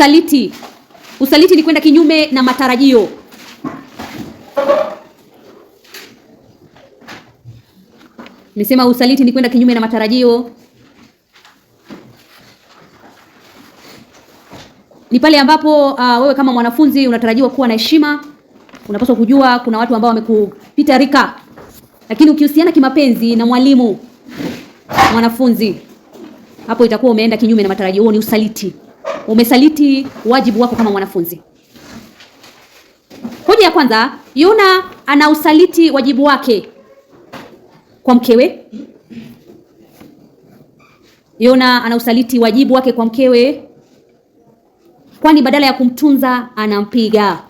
usaliti. Usaliti ni kwenda kinyume na matarajio. Nimesema usaliti ni kwenda kinyume na matarajio. Ni pale ambapo uh, wewe kama mwanafunzi unatarajiwa kuwa na heshima. Unapaswa kujua kuna watu ambao wamekupita rika, lakini ukihusiana kimapenzi na mwalimu mwanafunzi, hapo itakuwa umeenda kinyume na matarajio. Huo ni usaliti umesaliti wajibu wako kama mwanafunzi. Hoja ya kwanza, Yona anausaliti wajibu wake kwa mkewe. Yona anausaliti wajibu wake kwa mkewe, kwani badala ya kumtunza anampiga.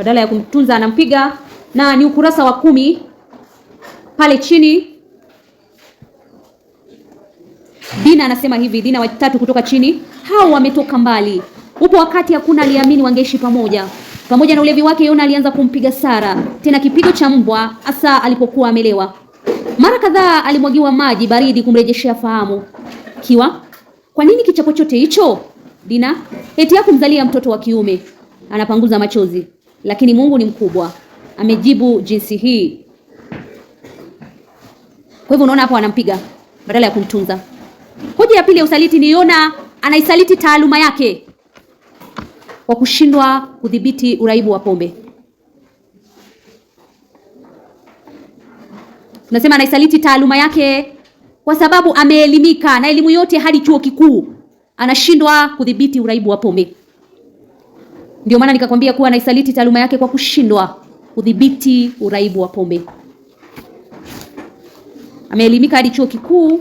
badala ya kumtunza anampiga, na ni ukurasa wa kumi pale chini. Dina anasema hivi, Dina wa tatu kutoka chini, hao wametoka mbali, upo wakati hakuna aliamini wangeishi pamoja. Pamoja na ulevi wake, Yona alianza kumpiga Sara, tena kipigo cha mbwa, hasa alipokuwa amelewa. Mara kadhaa alimwagiwa maji baridi kumrejeshea fahamu. Kiwa, kwa nini kichapo chote hicho? Dina, eti yako mzalia mtoto wa kiume. Anapanguza machozi lakini Mungu ni mkubwa, amejibu jinsi hii. Kwa hivyo unaona hapo anampiga badala ya kumtunza. Hoja ya pili ya usaliti ni Yona anaisaliti taaluma yake kwa kushindwa kudhibiti uraibu wa pombe. Nasema anaisaliti taaluma yake kwa sababu ameelimika na elimu yote hadi chuo kikuu, anashindwa kudhibiti uraibu wa pombe. Ndio maana nikakwambia kuwa anaisaliti taaluma yake kwa kushindwa kudhibiti uraibu wa pombe. Ameelimika hadi chuo kikuu,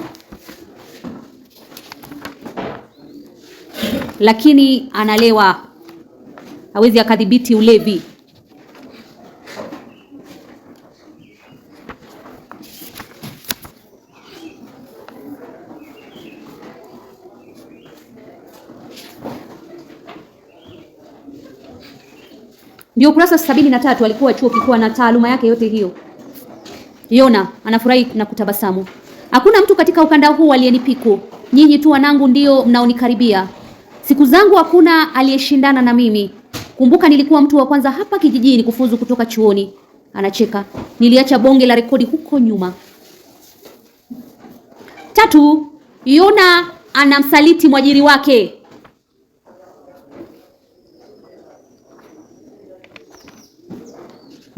lakini analewa, hawezi akadhibiti ulevi. ndio ukurasa sabini na tatu. Alikuwa chuo kikuu na taaluma yake yote hiyo. Yona anafurahi na kutabasamu. Hakuna mtu katika ukanda huu aliyenipiku, nyinyi tu wanangu ndio mnaonikaribia. Siku zangu hakuna aliyeshindana na mimi. Kumbuka nilikuwa mtu wa kwanza hapa kijijini kufuzu kutoka chuoni. Anacheka. Niliacha bonge la rekodi huko nyuma. Tatu, Yona anamsaliti mwajiri wake.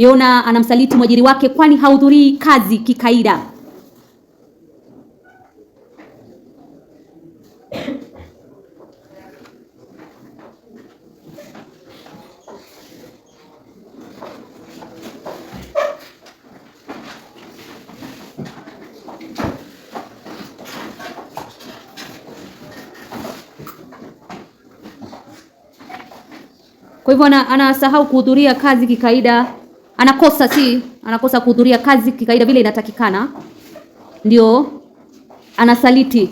Yona anamsaliti mwajiri wake kwani hahudhurii kazi kikaida. Kwa hivyo anasahau kuhudhuria kazi kikaida anakosa si anakosa kuhudhuria kazi kikaida vile inatakikana, ndio anasaliti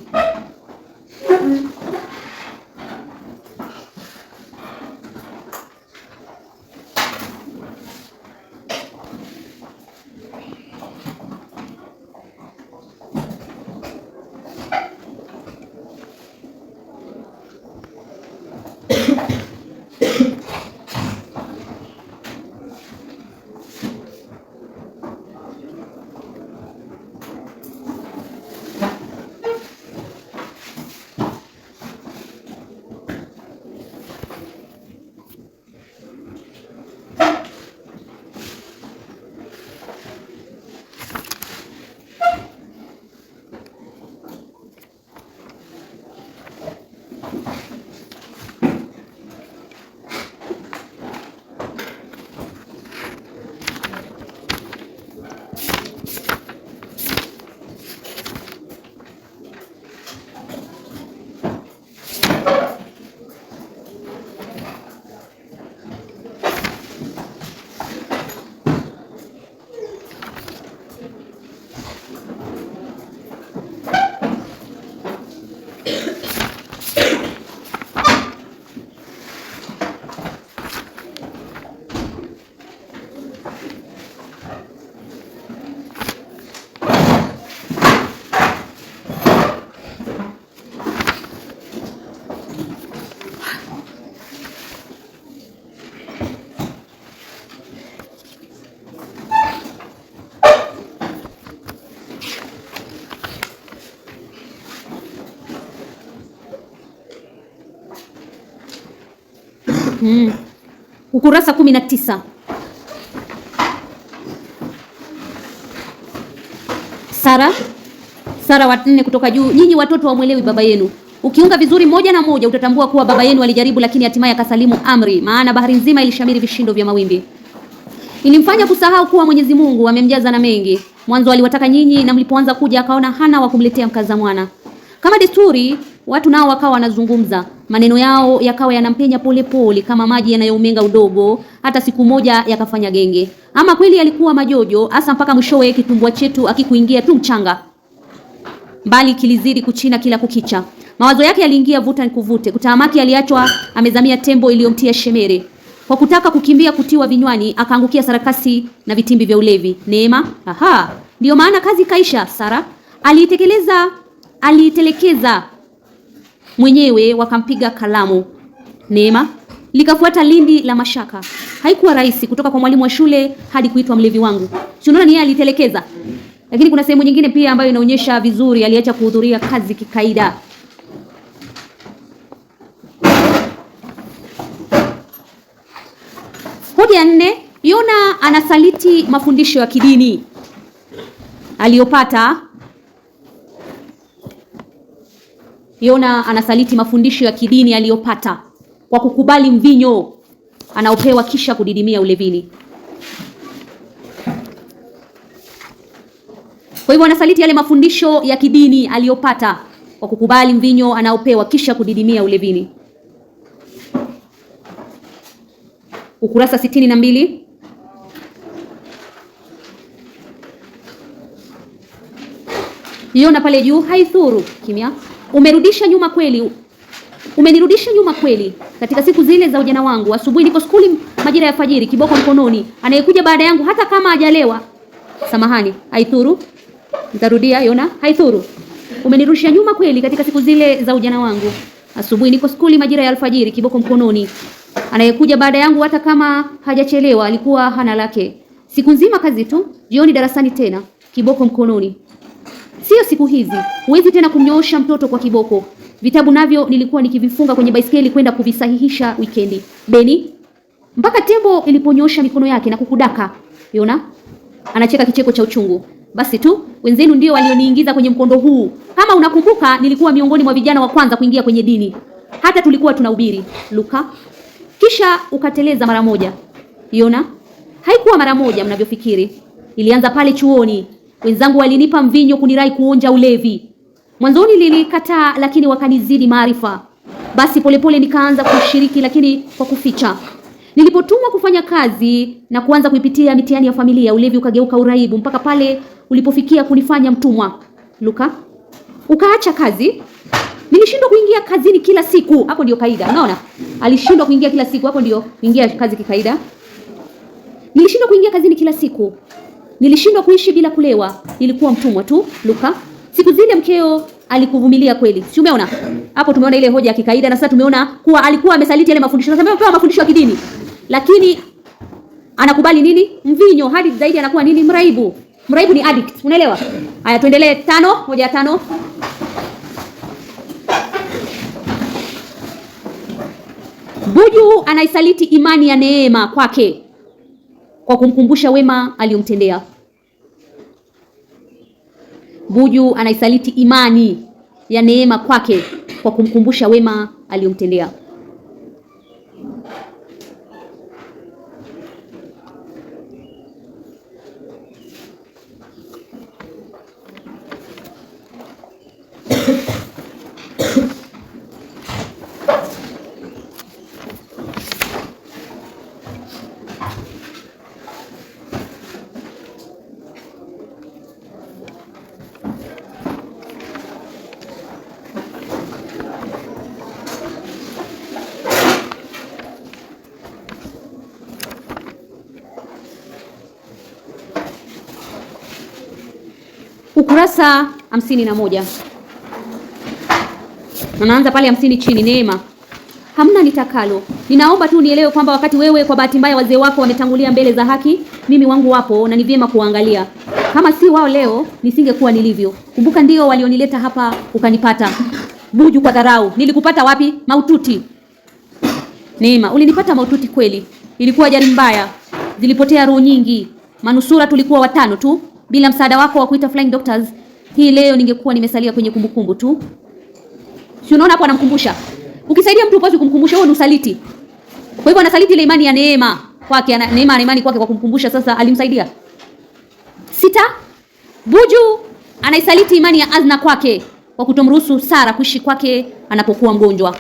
Mm. Ukurasa kumi na tisa. Sara, Sara wa nne kutoka juu. Nyinyi watoto wamwelewi baba yenu. Ukiunga vizuri moja na moja utatambua kuwa baba yenu alijaribu, lakini hatimaye akasalimu amri, maana bahari nzima ilishamiri vishindo vya mawimbi. Ilimfanya kusahau kuwa Mwenyezi Mungu amemjaza na mengi. Mwanzo aliwataka nyinyi, na mlipoanza kuja akaona hana wa kumletea mkaza mwana. Kama desturi, watu nao wakawa wanazungumza maneno yao yakawa yanampenya polepole kama maji yanayoumenga udogo, hata siku moja yakafanya genge. Ama kweli alikuwa majojo hasa, mpaka mwishowe kitumbua chetu akikuingia tu mchanga, bali kilizidi kuchina kila kukicha. Mawazo yake yaliingia vuta nikuvute. kutamaki aliachwa amezamia tembo iliyomtia shemere kwa kutaka kukimbia kutiwa vinywani, akaangukia sarakasi na vitimbi vya ulevi. Neema, aha, ndio maana kazi kaisha. Sara aliitekeleza aliitelekeza mwenyewe wakampiga kalamu. Neema likafuata lindi la mashaka. Haikuwa rahisi kutoka kwa mwalimu wa shule hadi kuitwa mlevi wangu. Tunaona ni yeye alitelekeza, lakini kuna sehemu nyingine pia ambayo inaonyesha vizuri aliacha kuhudhuria kazi kikaida. Hoja ya nne, Yona anasaliti mafundisho ya kidini aliyopata Yona anasaliti mafundisho ya kidini aliyopata kwa kukubali mvinyo anaopewa kisha kudidimia ulevini. Kwa hivyo anasaliti yale mafundisho ya kidini aliyopata kwa kukubali mvinyo anaopewa kisha kudidimia ulevini. Ukurasa sitini na mbili. Yona pale juu haithuru kimya umerudisha nyuma kweli, umenirudisha nyuma kweli. Katika siku zile za ujana wangu, asubuhi niko skuli, majira ya fajiri, kiboko mkononi, anayekuja baada yangu hata kama hajalewa, samahani, haithuru. Nitarudia Yona, haithuru. Umenirudisha nyuma kweli, katika siku zile za ujana wangu, asubuhi niko skuli, majira ya alfajiri, kiboko mkononi, anayekuja baada yangu hata kama hajachelewa alikuwa hana lake. Siku nzima kazi tu, jioni darasani tena, kiboko mkononi. Sio siku hizi, huwezi tena kumnyoosha mtoto kwa kiboko. Vitabu navyo nilikuwa nikivifunga kwenye baisikeli kwenda kuvisahihisha wikendi. Beni, mpaka tembo iliponyosha mikono yake na kukudaka. Yona anacheka kicheko cha uchungu. Basi tu wenzenu ndio walioniingiza kwenye mkondo huu. Kama unakumbuka, nilikuwa miongoni mwa vijana wa kwanza kuingia kwenye dini, hata tulikuwa tunahubiri Luka, kisha ukateleza mara moja. Yona, haikuwa mara moja mnavyofikiri, ilianza pale chuoni Wenzangu walinipa mvinyo kunirai kuonja ulevi. Mwanzoni nilikataa, lakini wakanizidi maarifa. Basi polepole nikaanza kushiriki, lakini kwa kuficha. Nilipotumwa kufanya kazi na kuanza kuipitia mitihani ya familia, ulevi ukageuka uraibu mpaka pale ulipofikia kunifanya mtumwa. Luka, ukaacha kazi. Nilishindwa kuingia kazini kila siku. Hapo ndio kaida, unaona? Alishindwa kuingia kila siku, hapo ndio kuingia kazi kikaida. Nilishindwa kuingia kazini kila siku. Nilishindwa kuishi bila kulewa, nilikuwa mtumwa tu. Luka. Siku zile mkeo alikuvumilia kweli. Si umeona? Hapo tumeona ile hoja ya kikaida na sasa tumeona kuwa alikuwa amesaliti yale mafundisho. Sasa amepewa mafundisho ya kidini. Lakini anakubali nini? Mvinyo hadi zaidi anakuwa nini? Mraibu. Mraibu ni addict. Unaelewa? Haya tuendelee tano, hoja ya tano. Buju anaisaliti imani ya neema kwake kwa kumkumbusha wema aliyomtendea. Buju anaisaliti imani ya neema kwake kwa kumkumbusha wema aliyomtendea. ukurasa hamsini na moja anaanza pale hamsini chini. Neema, hamna nitakalo, ninaomba tu nielewe kwamba wakati wewe kwa bahati mbaya wazee wako wametangulia mbele za haki, mimi wangu wapo na ni vyema kuangalia. Kama si wao leo nisingekuwa nilivyo. Kumbuka ndio walionileta hapa ukanipata buju kwa dharau. Nilikupata wapi? Maututi. Neema, ulinipata maututi kweli. Ilikuwa ajali mbaya, zilipotea roho nyingi, manusura tulikuwa watano tu bila msaada wako wa kuita Flying Doctors, hii leo ningekuwa nimesalia kwenye kumbukumbu tu. Si unaona hapo anamkumbusha. Ukisaidia mtu upaswi kumkumbusha, huo ni usaliti. Kwa hivyo anasaliti ile imani ya neema kwake, neema na imani kwake kwa kumkumbusha sasa alimsaidia. Sita, Buju anaisaliti imani ya Azna kwake kwa kutomruhusu Sara kuishi kwake anapokuwa mgonjwa.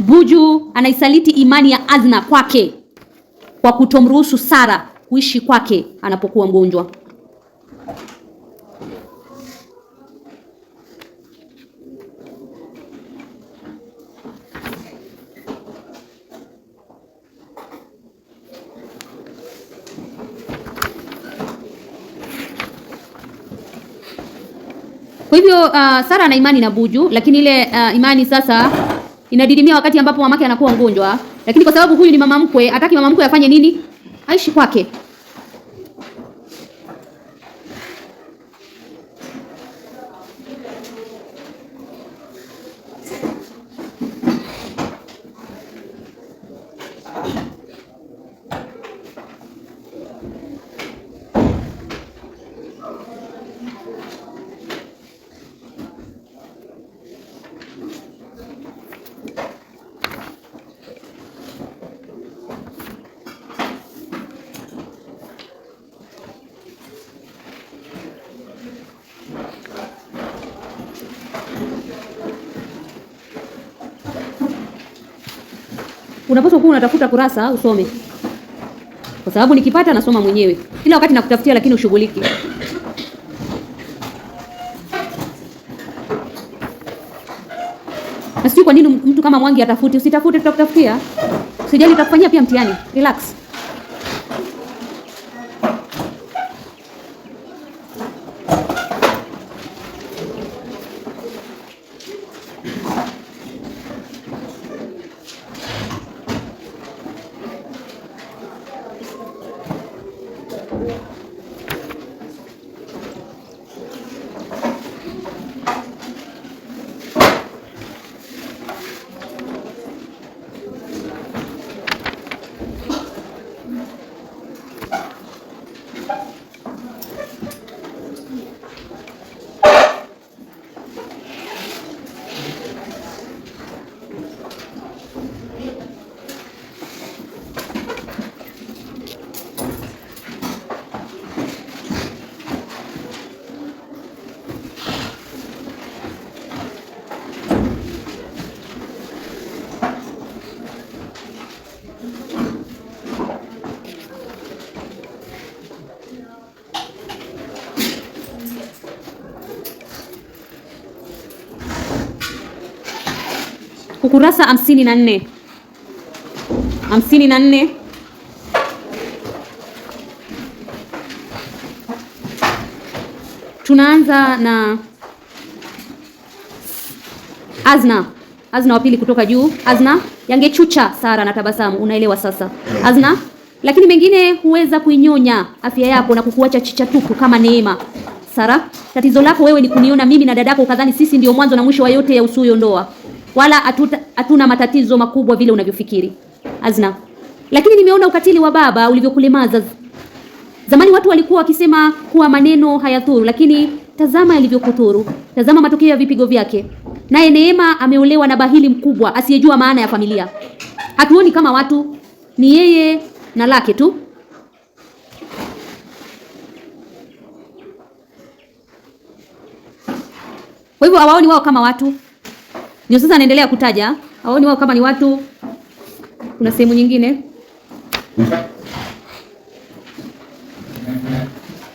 Buju anaisaliti imani ya Azna kwake kwa kutomruhusu Sara kuishi kwake anapokuwa mgonjwa. Kwa hivyo uh, Sara ana imani na Buju, lakini ile uh, imani sasa inadidimia wakati ambapo mamake anakuwa mgonjwa, lakini kwa sababu huyu ni mama mkwe, hataki mama mkwe afanye nini, aishi kwake. unapaswa kuwa unatafuta kurasa usome, kwa sababu nikipata nasoma mwenyewe. Kila wakati nakutafutia, lakini ushughuliki. Na sijui kwa nini mtu kama Mwangi atafuti. Usitafute, tutakutafutia. Usijali, tutakufanyia pia mtihani. Relax. ukurasa hamsini na nne hamsini na nne tunaanza na Azna Azna wa pili kutoka juu. Azna, yangechucha Sara na tabasamu. Unaelewa sasa, Azna? Lakini mengine huweza kuinyonya afya yako na kukuacha chicha tupu kama neema. Sara, tatizo lako wewe ni kuniona mimi na dadako ukadhani sisi ndio mwanzo na mwisho wa yote ya usuyo ndoa wala hatuna matatizo makubwa vile unavyofikiri Azna, lakini nimeona ukatili wa baba ulivyokulemaza. Zamani watu walikuwa wakisema kuwa maneno hayathuru lakini tazama yalivyokuthuru Tazama matokeo ya vipigo vyake. Naye Neema ameolewa na bahili mkubwa asiyejua maana ya familia. Hatuoni kama watu, ni yeye na lake tu. Kwa hivyo hawaoni wao kama watu. Ndio sasa anaendelea kutaja aoni wao kama ni watu. Kuna sehemu nyingine,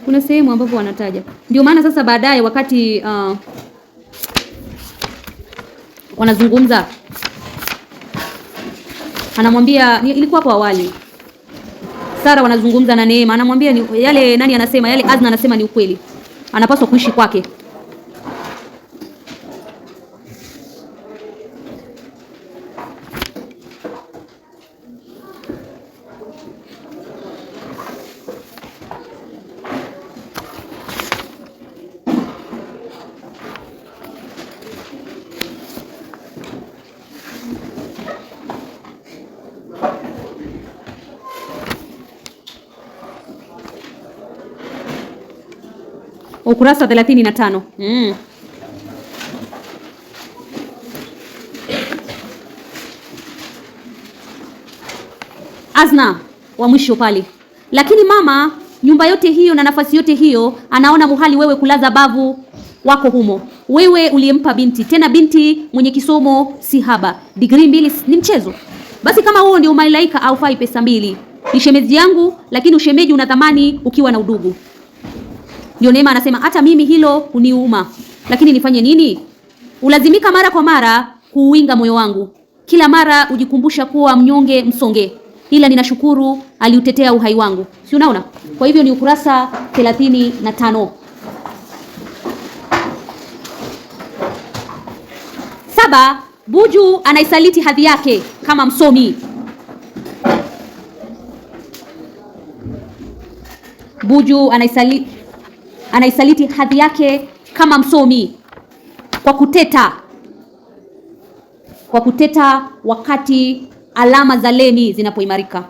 kuna sehemu ambapo wanataja. Ndio maana sasa baadaye wakati uh, wanazungumza anamwambia ilikuwa hapo awali Sara wanazungumza na Neema, anamwambia yale nani, anasema yale Azna anasema ni ukweli, anapaswa kuishi kwake. ukurasa wa 35. Mm. Azna wa mwisho pale. Lakini mama, nyumba yote hiyo na nafasi yote hiyo, anaona muhali wewe kulaza bavu wako humo, wewe uliyempa binti, tena binti mwenye kisomo si haba, Degree mbili ni mchezo. Basi kama huo ndio umalaika, fai pesa mbili, ni shemeji yangu, lakini ushemeji una thamani ukiwa na udugu. Ndio Neema anasema hata mimi hilo huniuma, lakini nifanye nini? Ulazimika mara kwa mara kuuinga moyo wangu, kila mara hujikumbusha kuwa mnyonge msonge, ila ninashukuru aliutetea uhai wangu, si unaona? Kwa hivyo ni ukurasa 35 Saba, Buju anaisaliti hadhi yake kama msomi. Buju anaisaliti anaisaliti hadhi yake kama msomi kwa kuteta kwa kuteta wakati alama za leni zinapoimarika.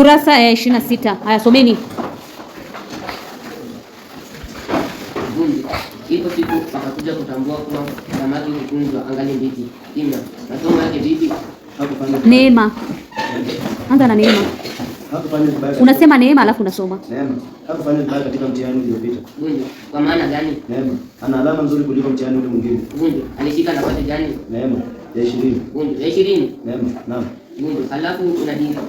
kurasa ya 26. Haya, someni. Ipo siku akakuja kutambua kuwa samaki hutunzwa angali mbichi. masomo yake vipi? Hakufanya neema. Anza na neema. Hakufanya vibaya. Unasema neema alafu unasoma. Neema. Hakufanya vibaya katika mtihani uliopita. Kwa maana gani? Neema. Ana alama nzuri kuliko mtihani ule mwingine. Alishika nafasi gani? Neema. Ya Ya Neema. Naam. Mungu. Halafu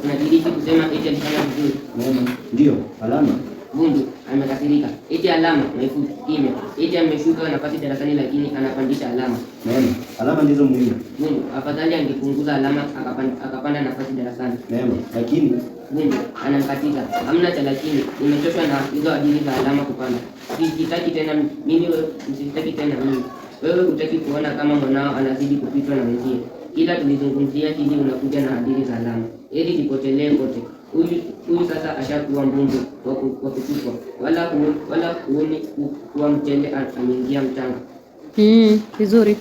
unadiriki kusema eti alifanya vizuri. Ndio, alama. Mungu amekasirika. Eti alama maifuti ime. Eti ameshuka nafasi darasani lakini anapandisha alama. Mungu. alama ndizo muhimu. Mungu, afadhali angepunguza alama akapanda, akapanda nafasi darasani. Mungu. lakini Mungu anamkatika. Hamna cha lakini, nimechoshwa na hizo adili za alama kupanda. Sitaki tena mimi, msitaki tena mimi. Wewe hutaki kuona kama mwanao anazidi kupitwa na wengine ila tulizungumzia hili, unakuja na hadithi za alama ili lipotelee kote. Huyu sasa ashakuwa mbungu wa kutupwa, wala wala huoni kuwa mtende ameingia mtanga. Mm, vizuri.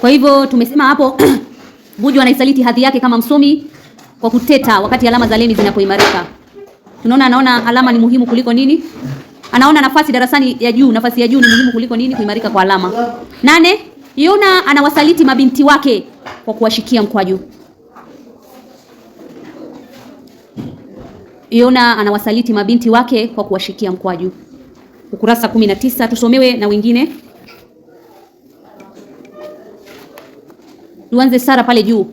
Kwa hivyo tumesema hapo buju anaisaliti hadhi yake kama msomi kwa kuteta wakati alama za leni zinapoimarika. Tunaona anaona alama ni muhimu kuliko nini? Anaona nafasi darasani ya juu, nafasi ya juu ni muhimu kuliko nini? Kuimarika kwa alama. Nane, Yona anawasaliti mabinti wake kwa kuwashikia mkwaju. Yona anawasaliti mabinti wake kwa kuwashikia mkwaju. Ukurasa 19 tusomewe na wengine. Tuanze Sara pale juu.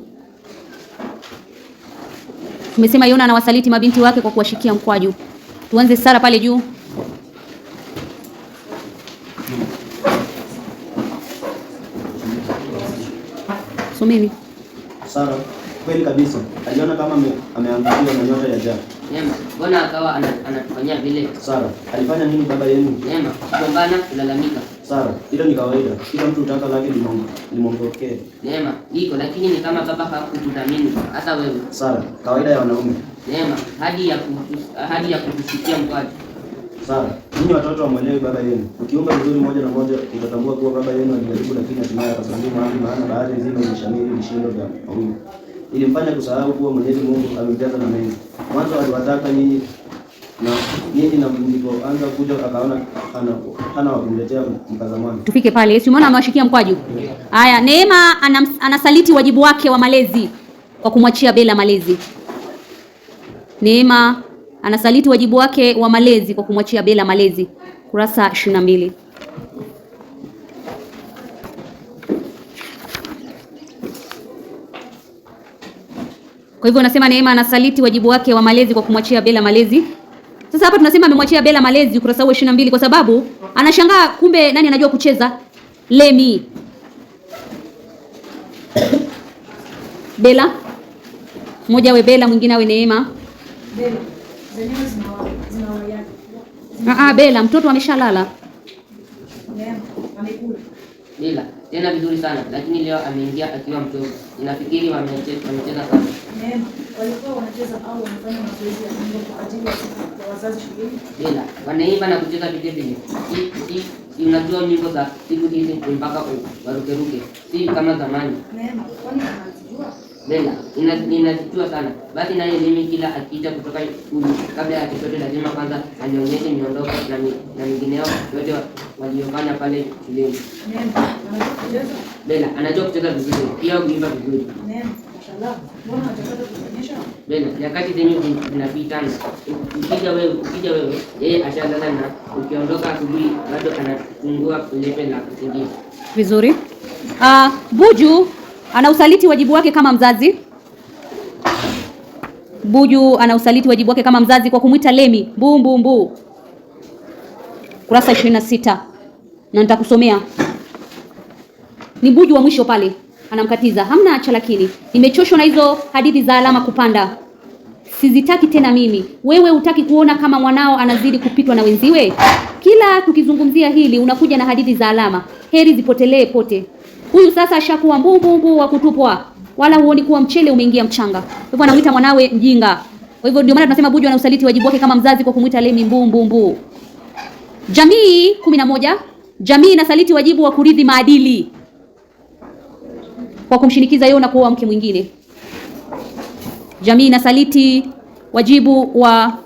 Tumesema Yona anawasaliti mabinti wake kwa kuwashikia mkwaju. Tuanze Sara pale juu. Subiri. Sara, kweli kabisa. Aliona kama ameangukiwa na nyota ya jana. Nema, mbona akawa anatufanyia vile? Sara, alifanya nini baba yenu? Nema, kugombana, kulalamika. Sara, hilo ni kawaida. Kila mtu utaka lake limwondokee. Nema, iko lakini ni kama baba hakutudhamini, hata wewe. Sara, kawaida ya wanaume. Nema, hadi ya kutusikia mkwaju. Sawa. Ninyi watoto wa mwenyewe baba yenu, ukiomba vizuri moja na moja utatambua kuwa baba yenu alijaribu, lakini hatimaye akasamua mahali maana bahari nzima imeshamiri vishindo vya mawimbi. Ilimfanya kusahau kuwa Mwenyezi Mungu amemjaza na mengi. Mwanzo aliwataka nyinyi na nyinyi na anza kuja akaona hana hana wa kumletea Tufike pale Yesu, umeona amewashikia mkwaju. Haya, Neema anam, anasaliti wajibu wake wa malezi kwa kumwachia Bela malezi. Neema anasaliti wajibu wake wa malezi kwa kumwachia Bela malezi, kurasa 22. Kwa hivyo anasema Neema anasaliti wajibu wake wa malezi kwa kumwachia Bela malezi. Sasa hapa tunasema amemwachia Bela malezi ukurasa huo 22 kwa sababu anashangaa kumbe nani anajua kucheza Lemi. Bela mmoja awe Bela mwingine awe Neema. Bela. Ah, ah Bela mtoto ameshalala. Bela tena vizuri sana lakini leo ameingia akiwa mtoto. Ninafikiri wamecheza sana. Bela wanaimba na kucheza vile vile. Unajua nyimbo za siku hizi mpaka warukeruke, si kama zamani. Neema, kwani unajua? Nenda, ninavutiwa sana. Basi naye mimi kila akiita kutoka uli, kabla ya kitoto, lazima kwanza anionyeshe miondoko na mingineo yote waliofanya pale shuleni. Bela anajua kucheza vizuri, pia kuimba vizuri. Bela, nyakati zenyu zinapitana Ukija wewe, ukija wewe, yeye ashalala na ukiondoka asubuhi bado anatungua lepe la usingizi. Vizuri. Ah, Buju Anausaliti wajibu wake kama mzazi. Buju anausaliti wajibu wake kama mzazi kwa kumwita Lemi mbu mbu mbu. Kurasa 26. Na nitakusomea. Ni Buju wa mwisho pale anamkatiza, hamna acha, lakini nimechoshwa na hizo hadithi za alama kupanda, sizitaki tena mimi. Wewe hutaki kuona kama mwanao anazidi kupitwa na wenziwe? Kila tukizungumzia hili unakuja na hadithi za alama. Heri zipotelee pote. Huyu sasa ashakuwa mbumbu wa kutupwa, wala huoni kuwa mchele umeingia mchanga. Hivyo anamwita mwanawe mjinga. Kwa hivyo ndio maana tunasema Buju usaliti wajibu wake kama mzazi kwa kumwita Lemi mbumbumbu. Jamii kumi na moja. Jamii inasaliti wajibu wa kurithi maadili kwa kumshinikiza na kuoa mke mwingine. Jamii inasaliti wajibu wa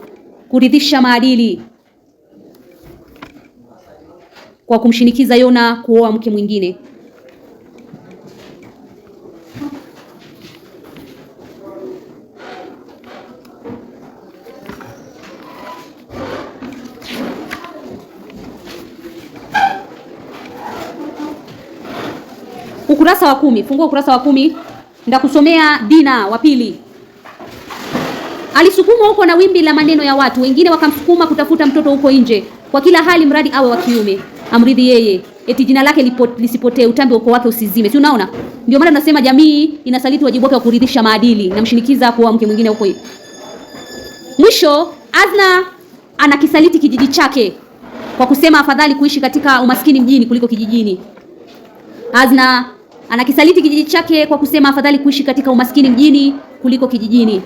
kuridhisha maadili kwa kumshinikiza Yona kuoa mke mwingine. ukurasa wa kumi, fungua ukurasa wa kumi, ndakusomea Dina wa pili. Alisukumwa huko na wimbi la maneno ya watu, wengine wakamsukuma kutafuta mtoto huko nje, kwa kila hali mradi awe wa kiume, amridhi yeye, eti jina lake lisipotee, utambi uko wake usizime. Si unaona? Ndio maana tunasema jamii inasaliti wajibu wake wa kuridhisha maadili, namshinikiza kuwa mke mwingine huko. Mwisho, Azna anakisaliti kijiji chake kwa kusema afadhali kuishi katika umaskini mjini kuliko kijijini. Azna anakisaliti kijiji chake kwa kusema afadhali kuishi katika umaskini mjini kuliko kijijini.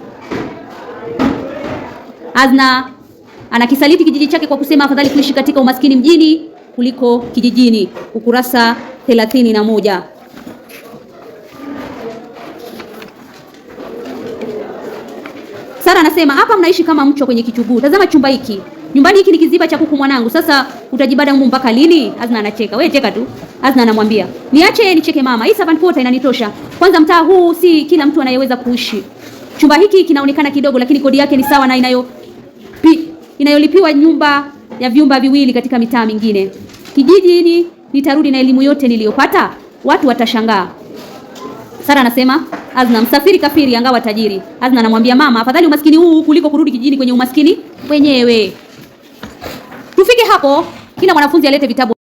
Azna anakisaliti kijiji chake kwa kusema afadhali kuishi katika umaskini mjini kuliko kijijini, ukurasa 31. Sara anasema hapa mnaishi kama mchwa kwenye kichuguu. Tazama chumba hiki, nyumbani hiki ni kiziba cha kuku mwanangu. Sasa utajibada humu mpaka lini? Azna anacheka, wewe cheka tu. Azna anamwambia niache nicheke mama, hii servant quarter inanitosha. Kwanza mtaa huu si kila mtu anayeweza kuishi. Chumba hiki kinaonekana kidogo, lakini kodi yake ni sawa na inayo pi, inayolipiwa nyumba ya vyumba viwili katika mitaa mingine. Kijijini nitarudi na elimu yote niliyopata, watu watashangaa. Sara anasema Azna, msafiri kafiri angawa tajiri. Azna anamwambia mama, afadhali umaskini huu kuliko kurudi kijijini kwenye umaskini wenyewe. Tufike hapo, kila mwanafunzi alete vitabu.